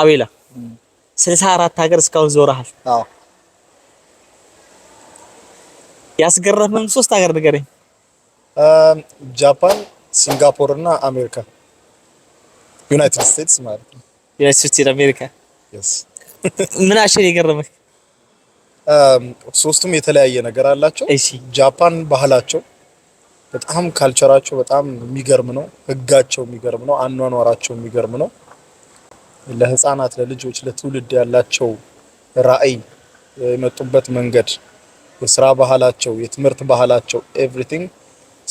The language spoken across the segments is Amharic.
አቤላ ስልሳ አራት ሀገር እስካሁን ዞረሃል። አዎ ያስገረመን ሶስት ሀገር ንገረኝ። ጃፓን፣ ሲንጋፖር እና አሜሪካ ዩናይትድ ስቴትስ ማለት ነው። ዩናይትድ ስቴትስ አሜሪካ። የስ ምን አሽን የገረመህ? ሶስቱም የተለያየ ነገር አላቸው። እሺ ጃፓን ባህላቸው በጣም ካልቸራቸው በጣም የሚገርም ነው። ህጋቸው የሚገርም ነው። አኗኗራቸው የሚገርም ነው። ለህፃናት፣ ለልጆች፣ ለትውልድ ያላቸው ራዕይ፣ የመጡበት መንገድ፣ የስራ ባህላቸው፣ የትምህርት ባህላቸው ኤቭሪቲንግ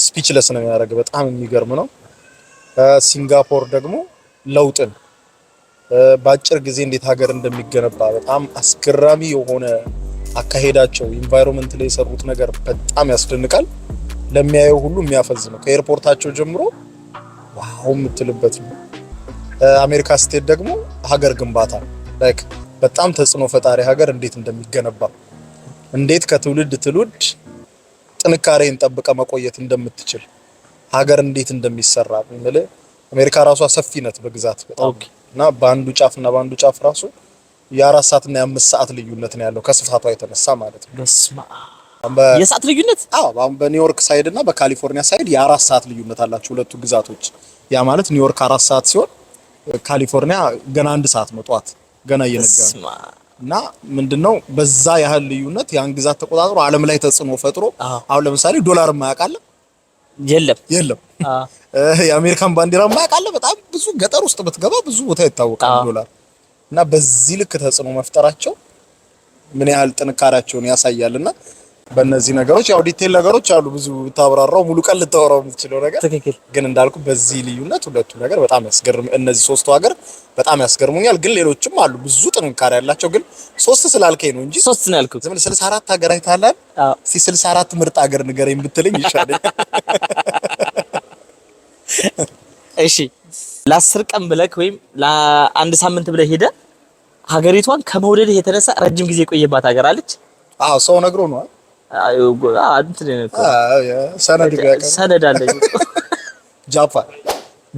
ስፒችለስ ነው የሚያደርግ። በጣም የሚገርም ነው። ሲንጋፖር ደግሞ ለውጥን በአጭር ጊዜ እንዴት ሀገር እንደሚገነባ በጣም አስገራሚ የሆነ አካሄዳቸው፣ ኢንቫይሮንመንት ላይ የሰሩት ነገር በጣም ያስደንቃል። ለሚያየው ሁሉ የሚያፈዝ ነው። ከኤርፖርታቸው ጀምሮ ዋው የምትልበት ነው። አሜሪካ ስቴት ደግሞ ሀገር ግንባታ ላይክ በጣም ተጽዕኖ ፈጣሪ ሀገር እንዴት እንደሚገነባ እንዴት ከትውልድ ትውልድ ጥንካሬን ጠብቀ መቆየት እንደምትችል ሀገር እንዴት እንደሚሰራ ምል አሜሪካ ራሷ ሰፊ ነት በግዛት በጣም እና በአንዱ ጫፍ እና በአንዱ ጫፍ ራሱ የአራት ሰዓት እና የአምስት ሰዓት ልዩነት ነው ያለው ከስፋቷ የተነሳ ማለት ነው። የሰዓት ልዩነት አሁን በኒውዮርክ ሳይድ እና በካሊፎርኒያ ሳይድ የአራት ሰዓት ልዩነት አላቸው ሁለቱ ግዛቶች። ያ ማለት ኒውዮርክ አራት ሰዓት ሲሆን ካሊፎርኒያ ገና አንድ ሰዓት ነው ጠዋት ገና እየነጋ እና ምንድነው በዛ ያህል ልዩነት ያን ግዛት ተቆጣጥሮ ዓለም ላይ ተጽዕኖ ፈጥሮ አሁን ለምሳሌ ዶላር ማያውቃለ የለም የለም የአሜሪካን ባንዲራ ማያውቃለ በጣም ብዙ ገጠር ውስጥ ብትገባ ብዙ ቦታ ይታወቃል ዶላር እና በዚህ ልክ ተጽዕኖ መፍጠራቸው ምን ያህል ጥንካሬያቸውን ያሳያልና በእነዚህ ነገሮች ያው ዲቴል ነገሮች አሉ። ብዙ ብታብራራው ሙሉ ቀን ልታወራው የምትችለው ነገር ትክክል። ግን እንዳልኩ በዚህ ልዩነት ሁለቱ ነገር በጣም ያስገርም። እነዚህ ሶስቱ ሀገር በጣም ያስገርሙኛል። ግን ሌሎችም አሉ ብዙ ጥንካሬ ያላቸው። ግን ሶስት ስላልከኝ ነው እንጂ ሶስት ነው ያልኩት። ዝም ብለህ ስልሳ አራት ሀገር አይታላል። እስኪ ስልሳ አራት ምርጥ ሀገር ንገረኝ ብትለኝ ይሻለኛል። እሺ ለአስር ቀን ብለህ ወይም ለአንድ ሳምንት ብለህ ሄደህ ሀገሪቷን ከመውደድህ የተነሳ ረጅም ጊዜ የቆየባት ሀገር አለች። አዎ ሰው ነግሮ ነው ሰነድ አለኝ። ጃፓን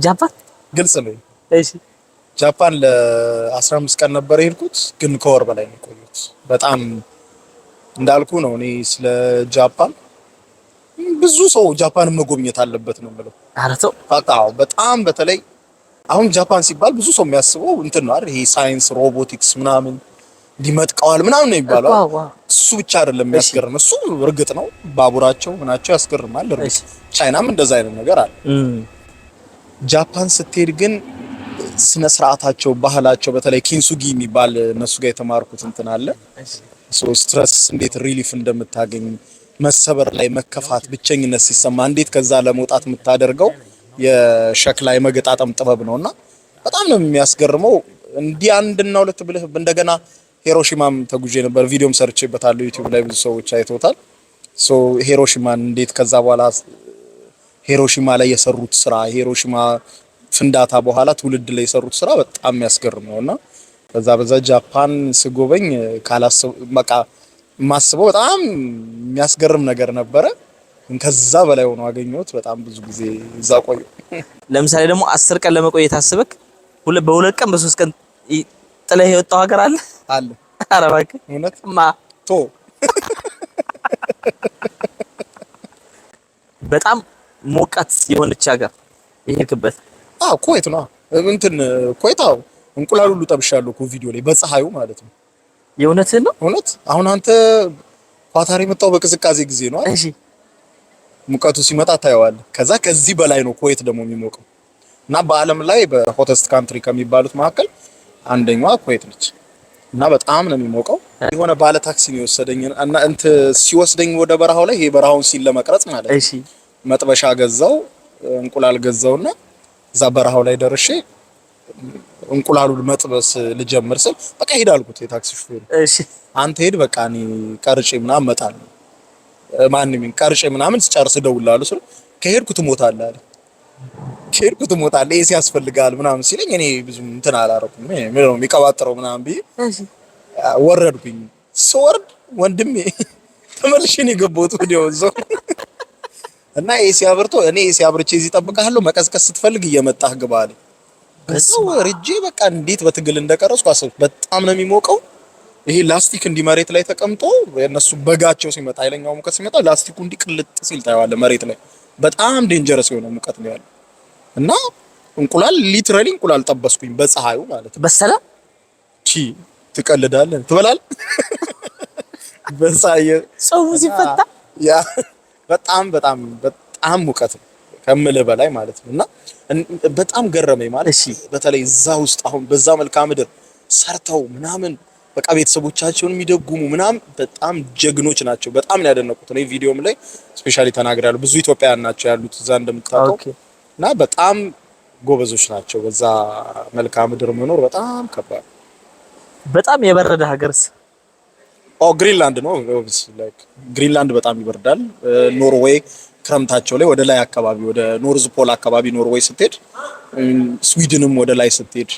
ጃፓን ግልጽ ነው። እሺ ጃፓን ለአስራ አምስት ቀን ነበር የሄድኩት፣ ግን ከወር በላይ ነው የቆየሁት። በጣም እንዳልኩ ነው። እኔ ስለ ጃፓን ብዙ ሰው ጃፓንን መጎብኘት አለበት ነው የምለው። ኧረ ተው በጣም በተለይ አሁን ጃፓን ሲባል ብዙ ሰው የሚያስበው እንትን ነው አይደል? ይሄ ሳይንስ፣ ሮቦቲክስ ምናምን ሊመጥቀዋል ምናምን ነው የሚባለው እሱ ብቻ አይደለም የሚያስገርም። እሱ እርግጥ ነው ባቡራቸው ምናቸው ያስገርማል። እርግጥ ቻይናም እንደዛ አይነት ነገር አለ። ጃፓን ስትሄድ ግን ስነ ስርዓታቸው፣ ባህላቸው በተለይ ኪንሱጊ የሚባል እነሱ ጋር የተማርኩት እንትን አለ። ስትረስ እንዴት ሪሊፍ እንደምታገኝ መሰበር ላይ መከፋት፣ ብቸኝነት ሲሰማ እንዴት ከዛ ለመውጣት የምታደርገው የሸክላ የመገጣጠም ጥበብ ነውና በጣም ነው የሚያስገርመው። እንዲህ አንድና ሁለት ብልህ እንደገና ሄሮሺማም ተጉጄ ነበር። ቪዲዮም ሰርቼበታለሁ ዩቲዩብ ላይ ብዙ ሰዎች አይተውታል። ሶ ሄሮሺማን እንዴት ከዛ በኋላ ሄሮሺማ ላይ የሰሩት ስራ ሄሮሺማ ፍንዳታ በኋላ ትውልድ ላይ የሰሩት ስራ በጣም የሚያስገርም ነውና በዛ በዛ ጃፓን ስጎበኝ ካላሰብ በቃ የማስበው በጣም የሚያስገርም ነገር ነበረ። ከዛ በላይ ሆኖ አገኘሁት። በጣም ብዙ ጊዜ እዛ ቆየሁ። ለምሳሌ ደግሞ አስር ቀን ለመቆየት አስበክ በሁለት ቀን በሶስት ቀን ጥለህ የወጣው ሀገር አለ አለ። ኧረ እባክህ እውነት ማ ቶ በጣም ሞቃት የሆነች ሀገር ይሄድክበት። አዎ ኩዌት ነው እንትን ኩዌት። አዎ እንቁላል ሁሉ ጠብሻለሁ እኮ ቪዲዮ ላይ በፀሐዩ ማለት ነው። የእውነትህን ነው? እውነት አሁን አንተ ኳታር የመጣው በቅዝቃዜ ጊዜ ነው። እሺ ሙቀቱ ሲመጣ ታየዋል። ከዛ ከዚህ በላይ ነው ኩዌት ደግሞ የሚሞቀው እና በዓለም ላይ በሆተስት ካንትሪ ከሚባሉት መካከል አንደኛዋ ኩዌት ነች እና በጣም ነው የሚሞቀው። የሆነ ባለ ታክሲ ነው የወሰደኝ እና እንት ሲወስደኝ ወደ በረሃው ላይ ይሄ በረሃውን ሲል ለመቅረጽ ማለት እሺ፣ መጥበሻ ገዛው እንቁላል ገዛውና እዛ በረሃው ላይ ደርሼ እንቁላሉን መጥበስ ልጀምር ስል በቃ ሂድ አልኩት የታክሲ ሹፌር። እሺ አንተ ሄድ በቃ እኔ ቀርጬ ምናምን እመጣለሁ። ማንም ቀርጬ ምናምን ስጨርስ እደውልልሃለሁ ስለው ከሄድኩ ትሞታለህ አለ ከሄድኩት እሞታለሁ ኤሲ ያስፈልጋል ምናምን ሲለኝ እኔ ብዙ እንትን አላረኩም። ምን ነው የሚቀባጥረው ምናምን ብዬ ወረድኩኝ። ስወርድ ወንድሜ ተመልሼ ነው የገባሁት ወዲያው እዛው እና ኤሲ አብርቶ እኔ ኤሲ አብርቼ እዚህ እጠብቅሃለሁ መቀዝቀዝ ስትፈልግ እየመጣህ ግባ አለኝ። እዛው ወርጄ በቃ እንዴት በትግል እንደቀረስኩ አሰብኩ። በጣም ነው የሚሞቀው ይሄ ላስቲክ እንዲህ መሬት ላይ ተቀምጦ የነሱ በጋቸው ሲመጣ ኃይለኛው ሙቀት ሲመጣ ላስቲኩ እንዲህ ቅልጥ ሲል ታየዋለህ መሬት ላይ በጣም ዴንጀረስ የሆነ ሙቀት ነው ያለው እና እንቁላል ሊትራሊ እንቁላል ጠበስኩኝ በፀሐዩ ማለት ነው። በሰለ ቺ ትቀልዳለህ፣ ትበላል በሳየ ጾሙ ሲፈታ ያ በጣም በጣም በጣም ሙቀት ነው ከምልህ በላይ ማለት ነው እና በጣም ገረመኝ ማለት በተለይ እዛ ውስጥ አሁን በዛ መልክዓ ምድር ሰርተው ምናምን በቃ ቤተሰቦቻቸውን የሚደጉሙ ምናምን በጣም ጀግኖች ናቸው። በጣም ያደነቁት። እኔ ቪዲዮም ላይ ስፔሻሊ ተናግራሉ። ብዙ ኢትዮጵያውያን ናቸው ያሉት እዛ እንደምታውቀው እና በጣም ጎበዞች ናቸው። በዛ መልክዓ ምድር መኖር በጣም ከባድ። በጣም የበረደ ሀገርስ? ኦ ግሪንላንድ ነው። ግሪንላንድ በጣም ይበርዳል። ኖርዌይ ክረምታቸው ላይ ወደ ላይ አካባቢ ወደ ኖርዝ ፖል አካባቢ ኖርዌይ ስትሄድ፣ ስዊድንም ወደ ላይ ስትሄድ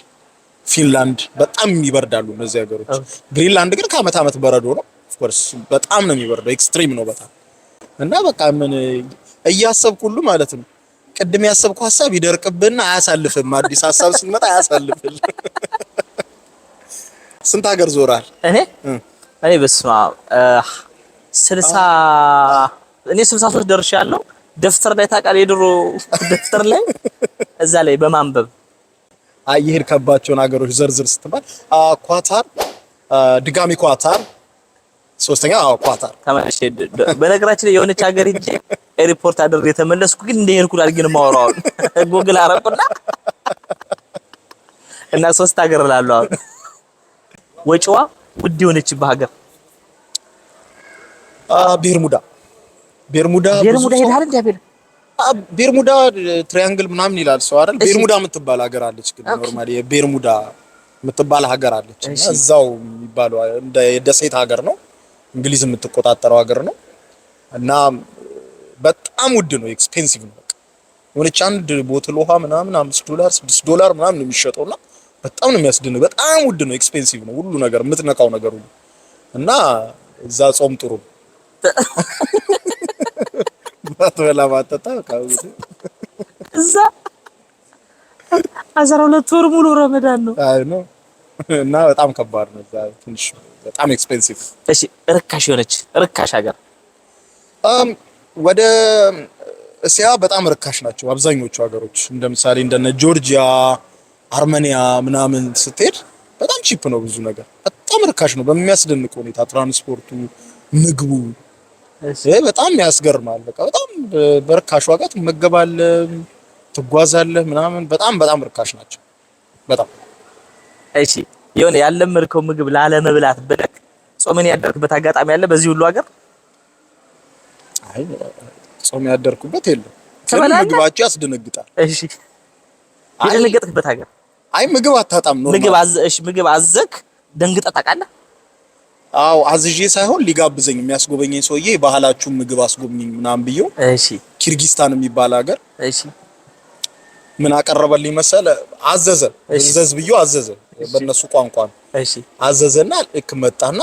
ፊንላንድ በጣም ይበርዳሉ እነዚህ ሀገሮች። ግሪንላንድ ግን ከአመት አመት በረዶ ነው። ኦፍኮርስ በጣም ነው የሚበርደው፣ ኤክስትሪም ነው በጣም እና በቃ ምን እያሰብኩ ሁሉ ማለት ነው ቅድም ያሰብኩ ሀሳብ ይደርቅብና አያሳልፍም። አዲስ ሀሳብ ስንመጣ አያሳልፍል። ስንት ሀገር ዞራል? እኔ እኔ በስማ ስልሳ እኔ ስልሳ ሶስት ደርሻለሁ። ደፍተር ላይ ታውቃለህ፣ የድሮ ደፍተር ላይ እዛ ላይ በማንበብ የሄድከባቸውን ሀገሮች ዘርዝር ስትባል ኳታር፣ ድጋሚ ኳታር፣ ሶስተኛ አዎ ኳታር ተመልሼ። በነገራችን ላይ የሆነች ሀገር ሄጄ ሪፖርት አድርጌ የተመለስኩ ግን እንደሄድኩ አድርጌ ነው የማወራው። ጎግል አረቁና እና ሶስት ሀገር እላለሁ አሁን ወጪዋ ውድ የሆነችበት ሀገር ቤርሙዳ ቤርሙዳ ቤርሙዳ ሄዳል እንዴ? ቤርሙዳ ትሪያንግል ምናምን ይላል ሰው አይደል? ቤርሙዳ የምትባል ሀገር አለች። ግን ኖርማሊ የቤርሙዳ የምትባል ሀገር አለች። እዛው የሚባለው እንደ የደሴት ሀገር ነው፣ እንግሊዝ የምትቆጣጠረው ሀገር ነው። እና በጣም ውድ ነው፣ ኤክስፔንሲቭ ነው። በቃ የሆነች አንድ ቦትል ውሃ ምናምን አምስት ዶላር ስድስት ዶላር ምናምን ነው የሚሸጠው እና በጣም ነው የሚያስደንቅ። በጣም ውድ ነው፣ ኤክስፔንሲቭ ነው ሁሉ ነገር፣ የምትነካው ነገር ሁሉ እና እዛ ጾም ጥሩ አትበላ ማጠጣ እዛ አስራ ሁለት ወር ሙሉ ረመዳን ነው። አይ ነው እና በጣም ከባድ ነው። እዛ ትንሽ በጣም ኤክስፔንሲቭ። እሺ ርካሽ የሆነች ርካሽ ሀገር ወደ እስያ በጣም ርካሽ ናቸው አብዛኞቹ ሀገሮች። እንደምሳሌ እንደነ ጆርጂያ፣ አርመኒያ ምናምን ስትሄድ በጣም ቺፕ ነው ብዙ ነገር። በጣም ርካሽ ነው በሚያስደንቅ ሁኔታ ትራንስፖርቱ፣ ምግቡ በጣም ያስገርማል። በቃ በጣም በርካሽ ዋጋ ትመገባለህ፣ ትጓዛለህ ምናምን በጣም በጣም ርካሽ ናቸው። በጣም እሺ። የሆነ ያለመድከው ምግብ ላለመብላት ብለህ ጾምን ያደርክበት አጋጣሚ አለ በዚህ ሁሉ ሀገር? አይ ጾም ያደርኩበት የለም። ምግባቸው ያስደነግጣል። እሺ የደነገጥክበት ሀገር? አይ ምግብ አታጣም ነው ምግብ አዘክ ደንግጠህ ታውቃለህ? አዎ አዝዤ ሳይሆን ሊጋብዘኝ የሚያስጎበኘኝ ሰውዬ ባህላችሁን ምግብ አስጎብኝ ምናምን ብዬው፣ እሺ ኪርጊስታን የሚባል ሀገር እሺ ምን አቀረበልኝ መሰለ አዘዘ ዘዝ ብዬው አዘዘ፣ በእነሱ ቋንቋ እሺ አዘዘና ልክ መጣና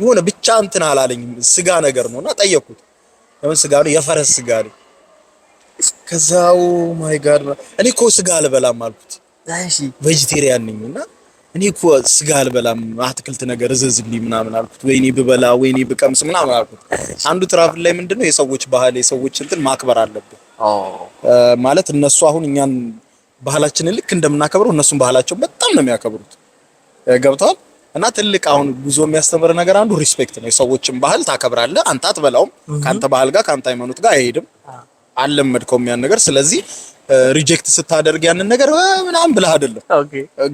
የሆነ ብቻ እንትን አላለኝም ስጋ ነገር ነውና ጠየኩት። ለምን ስጋ ነው? የፈረስ ስጋ ነው። ከዛው ማይ ጋድ እኔ እኮ ስጋ አልበላም አልኩት። እሺ ቬጂቴሪያን ነኝና እኔ እኮ ስጋ አልበላም አትክልት ነገር እዘዝልኝ ምናምን አልኩት። ወይኔ ብበላ ወይኔ ብቀምስ ምናምን አልኩት። አንዱ ትራፍል ላይ ምንድነው የሰዎች ባህል የሰዎች እንትን ማክበር አለብን ማለት እነሱ አሁን እኛን ባህላችንን ልክ እንደምናከብረው እነሱን ባህላቸውን በጣም ነው የሚያከብሩት። ገብተዋል። እና ትልቅ አሁን ጉዞ የሚያስተምር ነገር አንዱ ሪስፔክት ነው። የሰዎችን ባህል ታከብራለህ። አንተ አትበላውም፣ ከአንተ ባህል ጋር ከአንተ ሃይማኖት ጋር አይሄድም፣ አልለመድከውም ያን ነገር ስለዚህ ሪጀክት ስታደርግ ያንን ነገር ምናምን ብለህ አይደለም።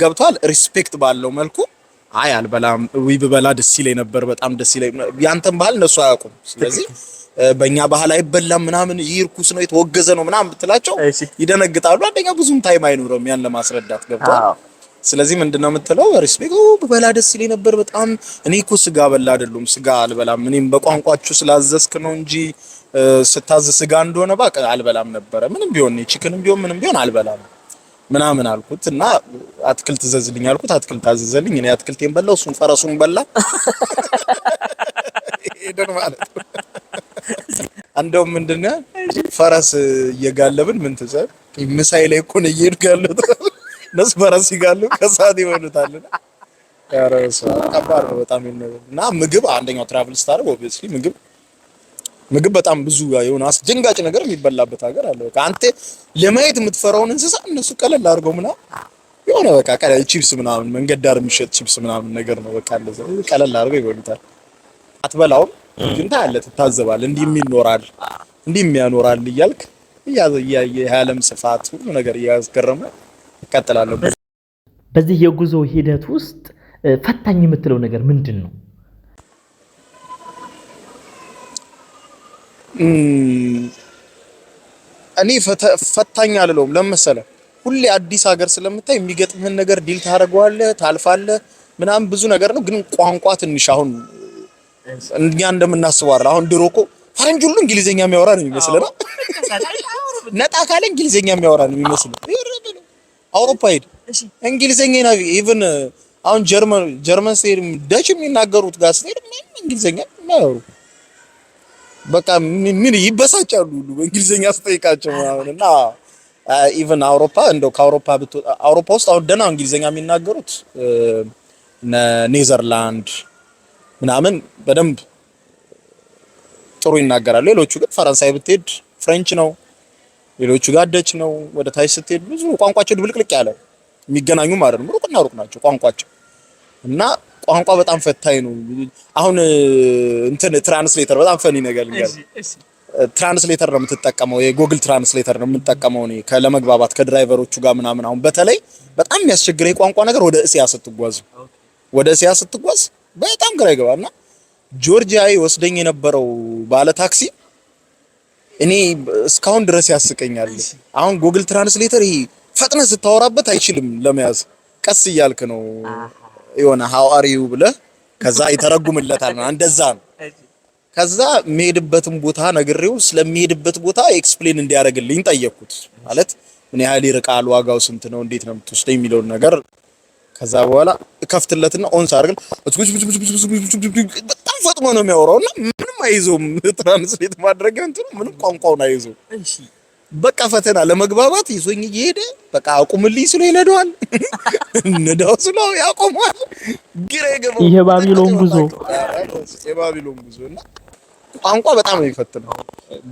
ገብቷል። ሪስፔክት ባለው መልኩ አይ አልበላም፣ ዊ ብበላ ደስ ይለኝ ነበር፣ በጣም ደስ ይለኝ። ያንተን ባህል እነሱ አያውቁም። ስለዚህ በእኛ ባህል አይበላም ምናምን፣ ይህ ርኩስ ነው የተወገዘ ነው ምናምን ብትላቸው ይደነግጣሉ። አንደኛ ብዙም ታይም አይኖረም ያን ለማስረዳት። ገብቷል ስለዚህ ምንድነው የምትለው? ሪስፔክት በላ ደስ ይለኝ ነበር በጣም እኔ እኮ ስጋ በላ አይደሉም ስጋ አልበላም። እኔም በቋንቋችሁ ስላዘዝክ ነው እንጂ ስታዝ ስጋ እንደሆነ ባቀ አልበላም ነበረ። ምንም ቢሆን ቺክንም ቢሆን ምንም ቢሆን አልበላም ምናምን አልኩት እና አትክልት ዘዝልኝ አልኩት። አትክልት አዘዘልኝ። እኔ አትክልቴን በላው፣ እሱን ፈረሱን በላ። ሄደን ማለት ነው። እንደውም ምንድነው ፈረስ እየጋለብን ምን ትዘብ ምሳይ ላይ እኮ ነው እየሄድኩ ያለሁት እነሱ በራስ ይጋሉ ከሰዓት ይበሉታልና ከባድ ነው በጣም እና ምግብ አንደኛው ትራቭል ስታደርግ ኦብቪየስሊ ምግብ ምግብ በጣም ብዙ የሆነ አስደንጋጭ ነገር የሚበላበት ሀገር አለ። በቃ አንተ ለማየት የምትፈራውን እንስሳ እነሱ ቀለል አድርገው ምናምን የሆነ በቃ ቀለል ቺፕስ ምናምን መንገድ ዳር የሚሸጥ ቺፕስ ምናምን ነገር ነው። በቃ ለዛ ቀለል አድርገው ይበሉታል። አትበላውም፣ ግን ታያለህ፣ ትታዘባለህ። እንዲህ የሚኖራል እንዲህ የሚያኖራል እያልክ የዓለም ስፋት ሁሉ ነገር እያስገረመ እቀጥላለሁ። በዚህ የጉዞ ሂደት ውስጥ ፈታኝ የምትለው ነገር ምንድን ነው? እኔ ፈታኝ አልለውም። ለመሰለ ሁሌ አዲስ ሀገር ስለምታይ የሚገጥምህን ነገር ዲል ታደርገዋለህ፣ ታልፋለህ፣ ምናምን ብዙ ነገር ነው። ግን ቋንቋ ትንሽ አሁን እኛ እንደምናስበው አይደል። አሁን ድሮ እኮ ፈረንጅ ሁሉ እንግሊዘኛ የሚያወራ ነው የሚመስለው። ነጣ ካለ እንግሊዘኛ የሚያወራ ነው የሚመስለው አውሮፓ ሄድ እንግሊዘኛ ና ኢቭን አሁን ጀርመን ጀርመን ስትሄድ ደች የሚናገሩት ጋር ስትሄድ ምንም እንግሊዘኛ የማያወሩ በቃ ምን ይበሳጫሉ ሁሉ በእንግሊዘኛ ስጠይቃቸው ምናምን እና ኢቭን አውሮፓ እንደው ከአውሮፓ ብትወጣ አውሮፓ ውስጥ አሁን ደህና እንግሊዘኛ የሚናገሩት ኔዘርላንድ ምናምን በደንብ ጥሩ ይናገራሉ። ሌሎቹ ግን ፈረንሳይ ብትሄድ ፍሬንች ነው ሌሎቹ ጋር ደች ነው። ወደ ታች ስትሄድ ብዙ ቋንቋቸው ድብልቅልቅ ያለ የሚገናኙ ማለት ነው። ሩቅና ሩቅ ናቸው ቋንቋቸው እና ቋንቋ በጣም ፈታኝ ነው። አሁን እንትን ትራንስሌተር በጣም ፈኒ ነገር ትራንስሌተር ነው የምትጠቀመው፣ የጎግል ትራንስሌተር ነው የምትጠቀመው እኔ ለመግባባት ከድራይቨሮቹ ጋር ምናምን። አሁን በተለይ በጣም የሚያስቸግረው የቋንቋ ነገር ወደ እስያ ስትጓዝ ወደ እስያ ስትጓዝ በጣም ግራ ይገባና ጆርጂያ ይወስደኝ የነበረው ባለ ታክሲ እኔ እስካሁን ድረስ ያስቀኛል። አሁን ጉግል ትራንስሌተር ይሄ ፈጥነህ ስታወራበት አይችልም ለመያዝ ቀስ እያልክ ነው የሆነ ሃው አር ዩ ብለህ ከዛ ይተረጉምለታል። እንደዛ ነው። ከዛ የሚሄድበትን ቦታ ነግሬው ስለሚሄድበት ቦታ ኤክስፕሌን እንዲያደርግልኝ ጠየቅኩት። ማለት ምን ያህል ይርቃል፣ ዋጋው ስንት ነው፣ እንዴት ነው የምትወስደኝ የሚለውን ነገር ከዛ በኋላ ከፍትለትና ኦንስ አድርገን በጣም ፈጥኖ ነው የሚያወራው እና ምንም አይዞም ትራንስሌት ማድረግ እንትኑ ምንም ቋንቋውን አይዞም። በቃ ፈተና ለመግባባት ይዞኝ እየሄደ በቃ አቁምልኝ ስለ ይነደዋል፣ ነዳው ስለ ያቆመዋል። ግሬ የገባው ይሄ ባቢሎን ጉዞ የባቢሎን ጉዞ እና ቋንቋ በጣም ነው የሚፈትነው።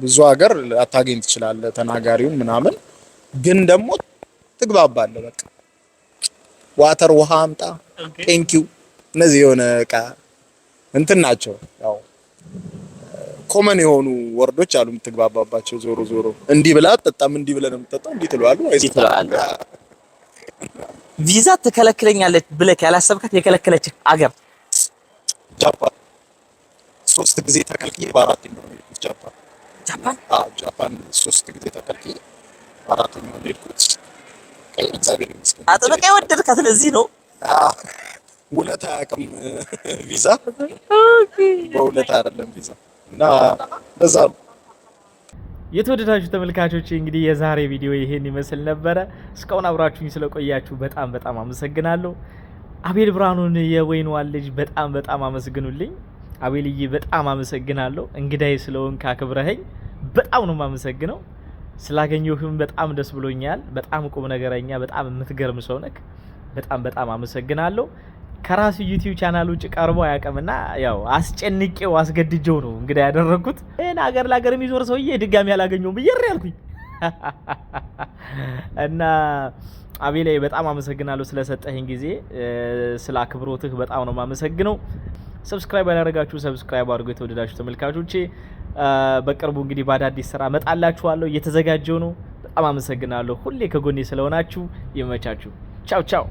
ብዙ ሀገር አታገኝ ትችላለህ ተናጋሪውን ምናምን፣ ግን ደግሞ ትግባባለህ በቃ ዋተር ውሃ አምጣ፣ ቴንኪው። እነዚህ የሆነ እቃ እንትን ናቸው። ያው ኮመን የሆኑ ወርዶች አሉ የምትግባባባቸው። ዞሮ ዞሮ እንዲህ ብላ አትጠጣም፣ እንዲህ ብለህ ነው የምትጠጣው፣ እንዲህ ትለዋለህ ወይስ ትለዋለህ። ቪዛ ትከለክለኛለች ብለህ ያላሰብካት የከለከለች አገር ጃፓን። ሶስት ጊዜ ተከልክዬ በአራት ነው ጃፓን ጃፓን ሶስት ጊዜ ተከልክዬ አራት ነው የሄድኩት አጥብቃ የወደድካት ለዚህ ነው። ውለታ አያውቅም ቪዛ በውለታ አይደለም ቪዛ እና በዛ ነው። የተወደዳችሁ ተመልካቾች እንግዲህ የዛሬ ቪዲዮ ይሄን ይመስል ነበረ። እስካሁን አብራችሁኝ ስለቆያችሁ በጣም በጣም አመሰግናለሁ። አቤል ብርሃኑን የወይንዋን ልጅ በጣም በጣም አመስግኑልኝ። አቤልዬ በጣም አመሰግናለሁ። እንግዳይ ስለሆንክ አክብረኸኝ በጣም ነው የማመሰግነው። ስላገኘሁህም በጣም ደስ ብሎኛል። በጣም ቁም ነገረኛ፣ በጣም የምትገርም ሰው ነክ። በጣም በጣም አመሰግናለሁ። ከራሱ ዩቲዩብ ቻናል ውጭ ቀርቦ አያውቅምና ያው አስጨንቄው አስገድጀው ነው እንግዲህ ያደረግኩት። ይህን አገር ለአገር የሚዞር ሰውዬ ድጋሚ አላገኘውም ብየር ያልኩኝ እና አቤላይ በጣም አመሰግናለሁ ስለሰጠህን ጊዜ፣ ስለ አክብሮትህ በጣም ነው የማመሰግነው። ሰብስክራይብ ያላደረጋችሁ ሰብስክራይብ አድርጎ የተወደዳችሁ ተመልካቾቼ በቅርቡ እንግዲህ በአዳዲስ ስራ መጣላችኋለሁ። እየተዘጋጀው ነው። በጣም አመሰግናለሁ ሁሌ ከጎኔ ስለሆናችሁ። ይመቻችሁ። ቻው ቻው